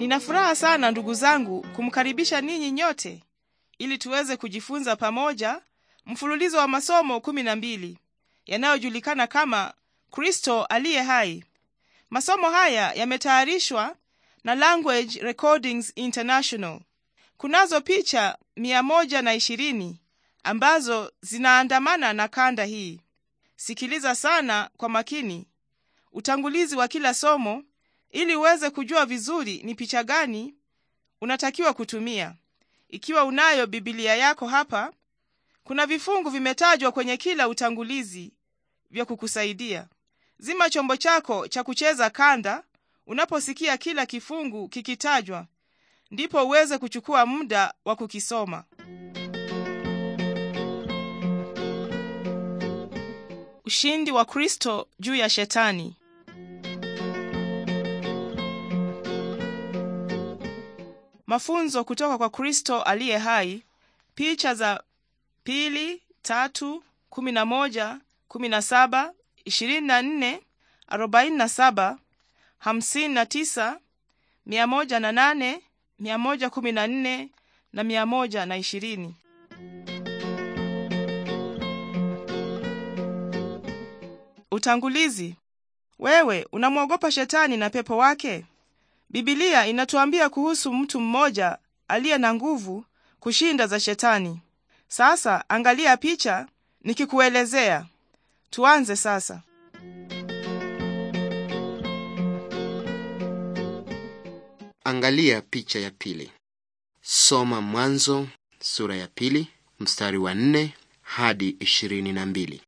Nina furaha sana ndugu zangu kumkaribisha ninyi nyote ili tuweze kujifunza pamoja mfululizo wa masomo kumi na mbili yanayojulikana kama Kristo aliye hai. Masomo haya yametayarishwa na Language Recordings International. Kunazo picha mia moja na ishirini ambazo zinaandamana na kanda hii. Sikiliza sana kwa makini utangulizi wa kila somo ili uweze kujua vizuri ni picha gani unatakiwa kutumia, ikiwa unayo Biblia yako hapa, kuna vifungu vimetajwa kwenye kila utangulizi vya kukusaidia. Zima chombo chako cha kucheza kanda unaposikia kila kifungu kikitajwa, ndipo uweze kuchukua muda wa kukisoma. Ushindi wa Kristo juu ya Shetani. Mafunzo kutoka kwa Kristo aliye hai, picha za pili, tatu, kumi na moja, kumi na saba, ishirini na nne, arobaini na saba, hamsini na tisa, mia moja na nane, mia moja kumi na nne na mia moja na ishirini. Utangulizi. Wewe unamwogopa Shetani na pepo wake? Bibilia inatuambia kuhusu mtu mmoja aliye na nguvu kushinda za shetani. Sasa angalia picha nikikuelezea. Tuanze sasa. Angalia picha ya pili. Soma Mwanzo sura ya pili mstari wa nne hadi ishirini na mbili.